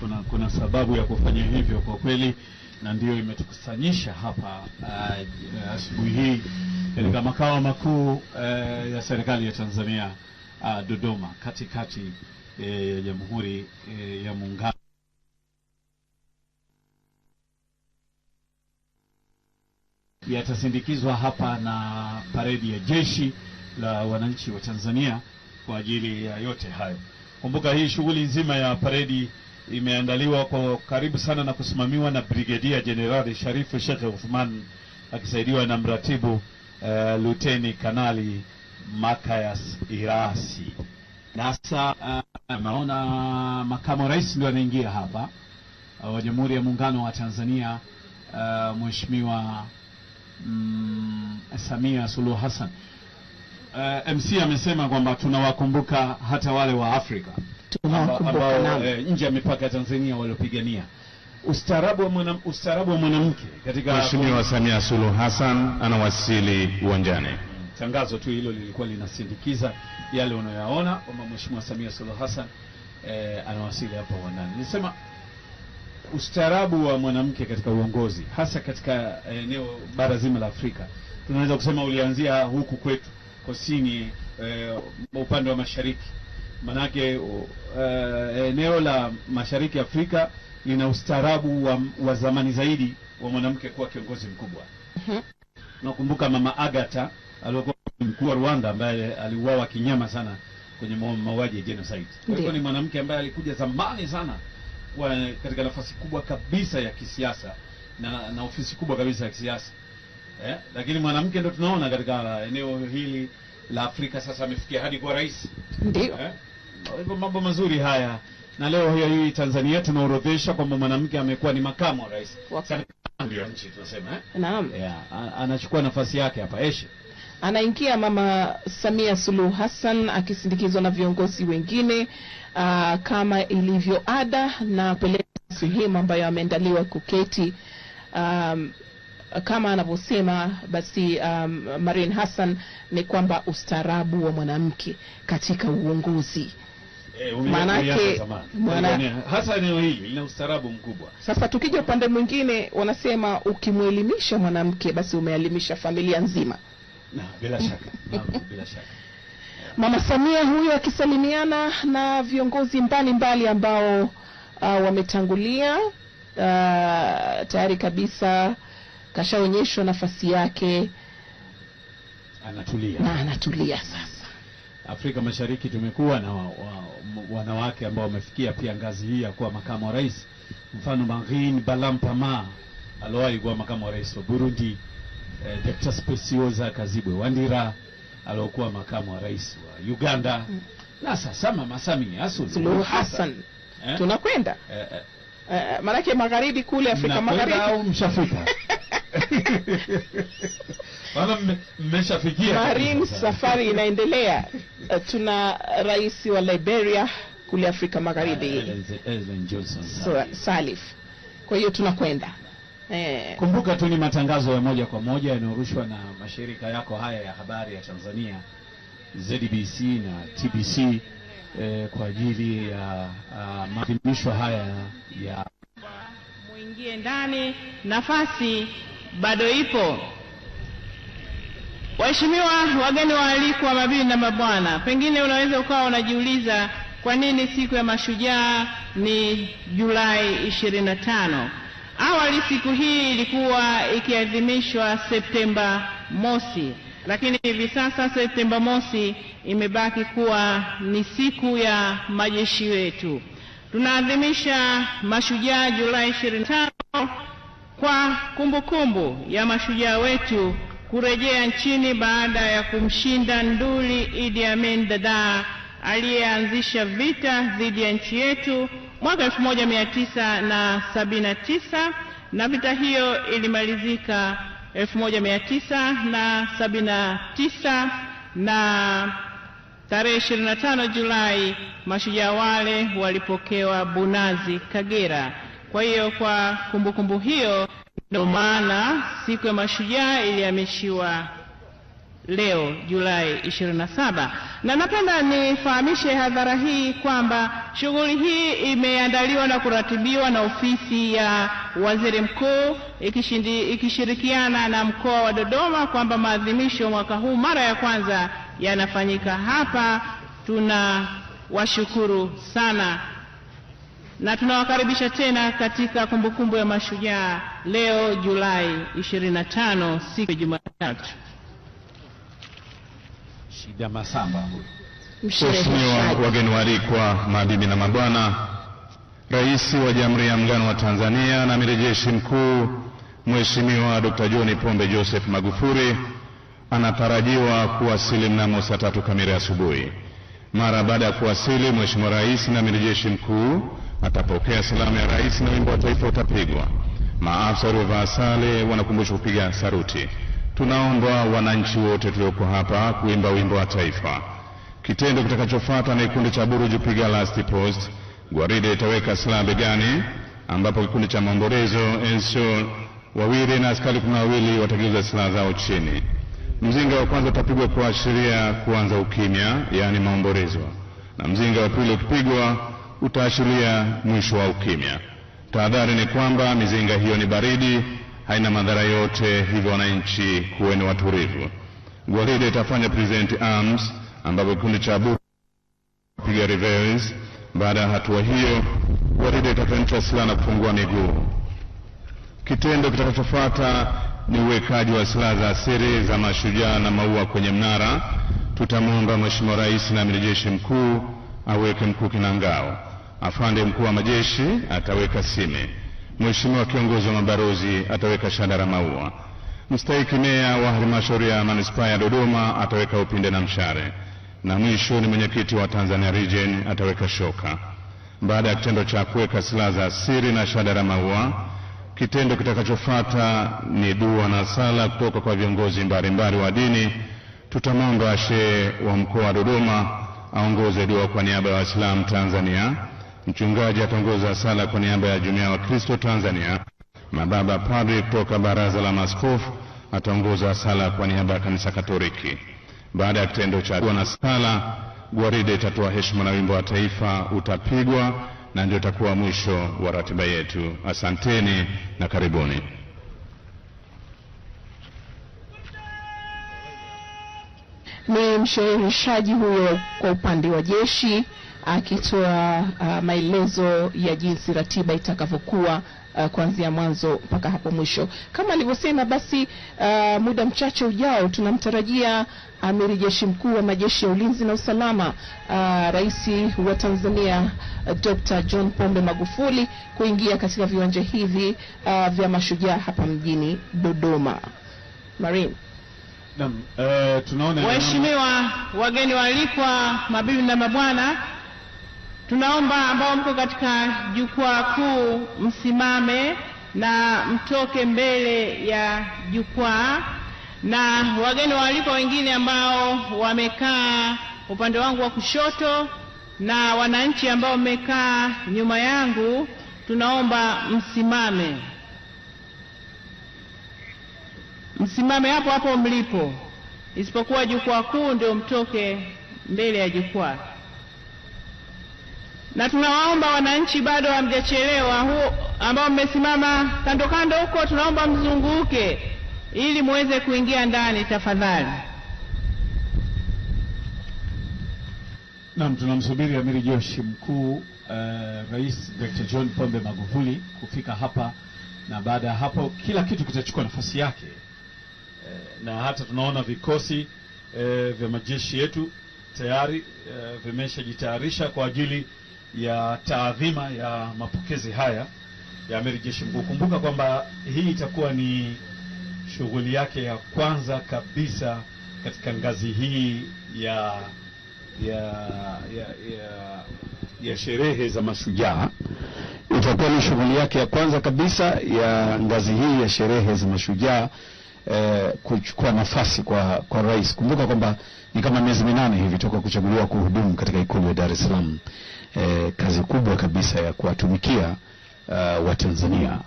kuna, kuna sababu ya kufanya hivyo kwa kweli, na ndiyo imetukusanyisha hapa uh, asubuhi hii katika makao makuu uh, ya serikali ya Tanzania uh, Dodoma, katikati uh, ya Jamhuri uh, ya Muungano yatasindikizwa hapa na paredi ya jeshi la wananchi wa Tanzania kwa ajili ya yote hayo. Kumbuka hii shughuli nzima ya paredi imeandaliwa kwa karibu sana na kusimamiwa na Brigedia Jenerali Sharifu Sheikh Uthman akisaidiwa na mratibu uh, Luteni Kanali Makayas Irasi. Sasa uh, naona makamu rais ndio anaingia hapa uh, wa Jamhuri ya Muungano wa Tanzania uh, Mheshimiwa mm, Samia Suluhu Hassan. Uh, MC amesema kwamba tunawakumbuka hata wale wa Afrika tunawakumbuka nao eh, nje ya mipaka ya Tanzania waliopigania ustaarabu wa mwanamke ustaarabu wa mwanamke katika. Mheshimiwa Samia Suluhu Hassan anawasili uwanjani. Tangazo tu hilo lilikuwa linasindikiza yale unayoyaona kwamba Mheshimiwa Samia Suluhu Hassan e, anawasili hapa uwanjani. Nilisema ustaarabu wa mwanamke katika uongozi hasa katika eh, eneo bara zima la Afrika tunaweza kusema ulianzia huku kwetu kusini, e, upande wa mashariki manake uh, eneo la mashariki Afrika lina ustaarabu wa, wa zamani zaidi wa mwanamke kuwa kiongozi mkubwa. Mhm. Nakumbuka Mama Agata aliyokuwa mkuu wa Rwanda ambaye aliuawa kinyama sana kwenye mauaji ya genocide. Kwa hiyo ni mwanamke ambaye alikuja zamani sana kwa katika nafasi kubwa kabisa ya kisiasa na, na ofisi kubwa kabisa ya kisiasa eh? Lakini mwanamke ndio tunaona katika eneo hili la Afrika sasa amefikia hadi kuwa rais. Ndio. Eh? hivyo mambo mazuri haya, na leo hiyo hii Tanzania tunaorodhesha kwamba mwanamke amekuwa ni makamu wa rais ndio nchi tunasema eh? Naam. Yeah, anachukua nafasi yake hapa Eshe anaingia Mama Samia Suluhu Hassan akisindikizwa na viongozi wengine aa, kama ilivyo ada na peleka sehemu ambayo ameandaliwa kuketi um, kama anavyosema basi um, Marine Hassan ni kwamba ustaarabu wa mwanamke katika uongozi Eh, Maanake yaani, hasa eneo hili lina ustaarabu mkubwa. Sasa tukija upande mwingine, wanasema ukimwelimisha mwanamke basi umeelimisha familia nzima na, bila shaka. na, bila shaka. Mama Samia huyo akisalimiana na viongozi mbalimbali ambao uh, wametangulia uh, tayari kabisa kashaonyeshwa nafasi yake, anatulia na anatulia sasa Afrika Mashariki tumekuwa na wa, wa, wanawake ambao wamefikia pia ngazi hii ya kuwa makamu wa rais. Mfano Marine Balampama aliwahi kuwa makamu wa rais wa Burundi. Eh, Dr. Specioza Kazibwe Wandira aliokuwa makamu wa rais wa Uganda mm. na sasa Mama Samia Suluhu Hassan eh? tunakwenda eh, eh, eh. Eh, maanake magharibi kule Afrika Magharibi au mshafika maana mmeshafikia Marine safari inaendelea. Uh, tuna rais wa Liberia kule Afrika Magharibi ah, so, Salif. Kwa hiyo tunakwenda eh. Kumbuka tu ni matangazo ya moja kwa moja yanayorushwa na mashirika yako haya ya habari ya Tanzania ZBC na TBC eh, kwa ajili ya uh, maadhimisho haya ya muingie ndani nafasi bado ipo. Waheshimiwa wageni waalikwa, mabibi na mabwana, pengine unaweza ukawa unajiuliza kwa nini siku ya mashujaa ni Julai 25? Awali siku hii ilikuwa ikiadhimishwa Septemba mosi, lakini hivi sasa Septemba mosi imebaki kuwa ni siku ya majeshi wetu. Tunaadhimisha mashujaa Julai 25 kwa kumbukumbu kumbu ya mashujaa wetu kurejea nchini baada ya kumshinda nduli Idi Amin Dada aliyeanzisha vita dhidi ya nchi yetu mwaka 1979 na vita hiyo ilimalizika 1979 na tarehe 25 Julai mashujaa wale walipokewa Bunazi, Kagera. Kwa hiyo kwa kumbukumbu kumbu hiyo, ndio maana siku ya mashujaa ilihamishiwa leo Julai 27, na napenda nifahamishe hadhara hii kwamba shughuli hii imeandaliwa na kuratibiwa na ofisi ya waziri mkuu ikishirikiana na mkoa wa Dodoma, kwamba maadhimisho mwaka huu mara ya kwanza yanafanyika hapa. Tunawashukuru sana na tunawakaribisha tena katika kumbukumbu kumbu ya mashujaa leo Julai 25 siku ya Jumatatu. Shida Masaba. Mheshimiwa, wageni waalikwa, mabibi na mabwana, Rais wa Jamhuri ya Muungano wa Tanzania na Amiri Jeshi Mkuu Mheshimiwa Dr. John Pombe Joseph Magufuli anatarajiwa kuwasili mnamo saa tatu kamili asubuhi. Mara baada ya kuwasili, Mheshimiwa Rais na Amiri Jeshi Mkuu atapokea salamu ya rais na wimbo wa taifa utapigwa. Maafisa waliovaa sare wanakumbushwa kupiga saruti. Tunaomba wananchi wote tulioko hapa kuimba wimbo wa taifa. Kitendo kitakachofuata ni kikundi cha Buruju piga last post, gwaride itaweka silaha begani, ambapo kikundi cha maombolezo ensio wawili na askari kumi na wawili watageuza silaha zao chini. Mzinga wa kwanza utapigwa kuashiria kuanza ukimya, yaani maombolezo, na mzinga wa pili ukipigwa utaashiria mwisho wa ukimya. Tahadhari ni kwamba mizinga hiyo ni baridi, haina madhara yote, hivyo wananchi kuweni watulivu. Gwaride itafanya present arms, ambapo kikundi cha abu piga reverse. Baada ya hatua hiyo, gwaride itakanusha silaha na kufungua miguu. Kitendo kitakachofuata ni uwekaji wa silaha za asiri za mashujaa na maua kwenye mnara. Tutamwomba Mheshimiwa Rais na Amiri Jeshi Mkuu aweke mkuki na ngao. Afande mkuu wa majeshi ataweka sime, mheshimiwa kiongozi wa mabalozi ataweka shada la maua, mstahiki meya wa halmashauri ya manispaa ya Dodoma ataweka upinde na mshale, na mwisho ni mwenyekiti wa Tanzania Region ataweka shoka. Baada ya kitendo cha kuweka silaha za siri na shada la maua, kitendo kitakachofuata ni dua na sala kutoka kwa viongozi mbalimbali wa dini. Tutamwomba shehe wa mkoa wa Dodoma aongoze dua kwa niaba ya Waislamu Tanzania. Mchungaji ataongoza sala kwa niaba ya jumuiya wa kristo Tanzania. Mababa padri kutoka baraza la maskofu ataongoza sala kwa niaba ya kanisa Katoliki. Baada ya kitendo cha kuwa na sala, gwaride itatoa heshima na wimbo wa taifa utapigwa, na ndio itakuwa mwisho wa ratiba yetu. Asanteni na karibuni. Ni mshawirishaji huyo kwa upande wa jeshi akitoa uh, maelezo ya jinsi ratiba itakavyokuwa uh, kuanzia mwanzo mpaka hapo mwisho. Kama alivyosema, basi uh, muda mchache ujao tunamtarajia amiri jeshi mkuu wa majeshi ya ulinzi na usalama uh, Rais wa Tanzania uh, Dr. John Pombe Magufuli kuingia katika viwanja hivi uh, vya mashujaa hapa mjini Dodoma. Marine. Naam, uh, tunaona wageni waalikwa, mabibi na mabwana Tunaomba ambao mko katika jukwaa kuu msimame na mtoke mbele ya jukwaa, na wageni waalikwa wengine ambao wamekaa upande wangu wa kushoto na wananchi ambao mmekaa nyuma yangu, tunaomba msimame, msimame hapo hapo mlipo, isipokuwa jukwaa kuu ndio mtoke mbele ya jukwaa na tunawaomba wananchi bado hamjachelewa, huo ambao mmesimama kando kando huko, tunaomba mzunguke ili muweze kuingia ndani tafadhali. Naam, tunamsubiri Amiri Jeshi Mkuu uh, Rais Dr. John Pombe Magufuli kufika hapa, na baada ya hapo kila kitu kitachukua nafasi yake uh, na hata tunaona vikosi uh, vya majeshi yetu tayari uh, vimeshajitayarisha kwa ajili ya taadhima ya mapokezi haya ya amiri jeshi mkuu. Kumbuka kwamba hii itakuwa ni shughuli yake ya kwanza kabisa katika ngazi hii ya ya ya, ya, ya sherehe za mashujaa. Itakuwa ni shughuli yake ya kwanza kabisa ya ngazi hii ya sherehe za mashujaa. Eh, kuchukua nafasi kwa, kwa rais. Kumbuka kwamba ni kama miezi minane hivi toka kuchaguliwa kuhudumu katika ikulu ya Dar es Salaam. E, kazi kubwa kabisa ya kuwatumikia uh, Watanzania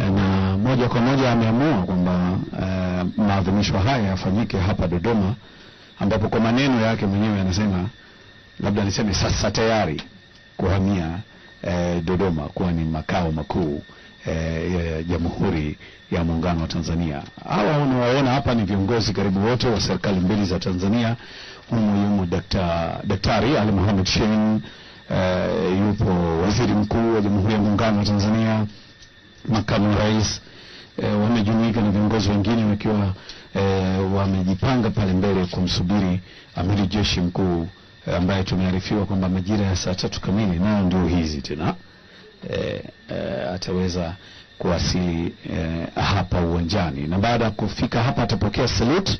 e, na moja kwa moja ameamua kwamba uh, maadhimisho haya yafanyike hapa Dodoma, ambapo kwa maneno yake mwenyewe anasema labda niseme sasa tayari kuhamia uh, Dodoma kuwa ni makao makuu Eh, ya e, Jamhuri ya Muungano wa Tanzania. Hawa unawaona hapa ni viongozi karibu wote wa serikali mbili za Tanzania. Humu yumo dakta, Daktari Ali Mohamed Shein e, yupo Waziri Mkuu wa Jamhuri ya Muungano wa Tanzania, makamu wa rais e, wamejumuika na viongozi wengine wakiwa e, wamejipanga pale mbele kumsubiri amiri jeshi mkuu ambaye tumearifiwa kwamba majira ya saa tatu kamili nayo ndio hizi tena e, e, ataweza kuwasili e, hapa uwanjani, na baada ya kufika hapa atapokea salute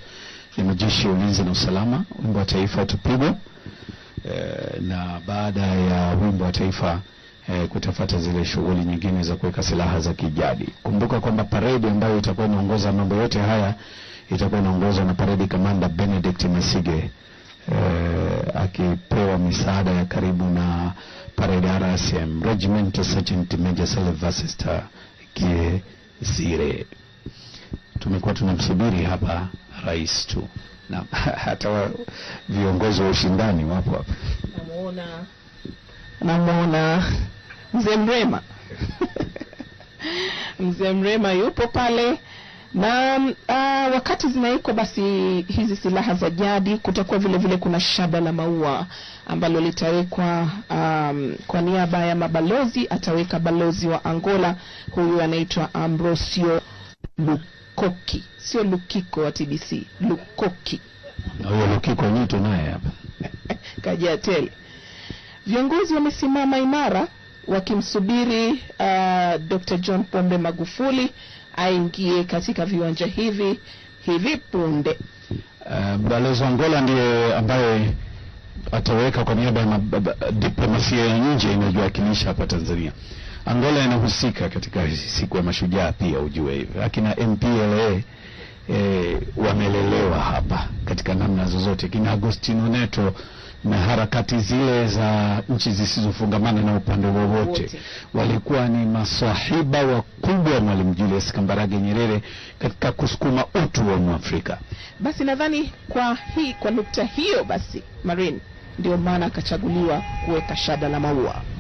ya majeshi ya ulinzi na usalama, wimbo wa taifa utapigwa e, na baada ya wimbo wa taifa e, kutafata zile shughuli nyingine za kuweka silaha za kijadi. Kumbuka kwamba paredi ambayo itakuwa inaongoza mambo yote haya itakuwa inaongozwa na paredi kamanda Benedict Masige e, akipewa misaada ya karibu na parade RSM Regiment Sergeant Major Sylvester Kiesire. Tumekuwa tunamsubiri hapa rais tu na hata viongozi wa ushindani wapo hapa. Namuona namuona mzee Mrema mzee Mrema yupo pale na uh, wakati zinawekwa basi hizi silaha za jadi, kutakuwa vile vile kuna shaba la maua ambalo litawekwa um, kwa niaba ya mabalozi. Ataweka balozi wa Angola, huyu anaitwa Ambrosio Lukoki, sio Lukiko wa TBC, Lukoki. Na huyo Lukiko nyeto naye hapa kaja tele. Viongozi wamesimama imara wakimsubiri uh, ah, Dr. John Pombe Magufuli aingie katika viwanja hivi hivi punde. Uh, balozi Angola ndiye ambaye ataweka kwa niaba ya diplomasia ya nje inayowakilisha hapa Tanzania. Angola inahusika katika siku ya mashujaa pia, ujue hivyo akina MPLA eh, wamelele katika namna zozote, kina Agostino Neto na harakati zile za nchi zisizofungamana na upande wowote walikuwa ni maswahiba wakubwa Mwalimu Julius Kambarage Nyerere katika kusukuma utu wa Mwafrika. Basi nadhani kwa hii, kwa nukta hiyo, basi Marin ndio maana akachaguliwa kuweka shada la maua.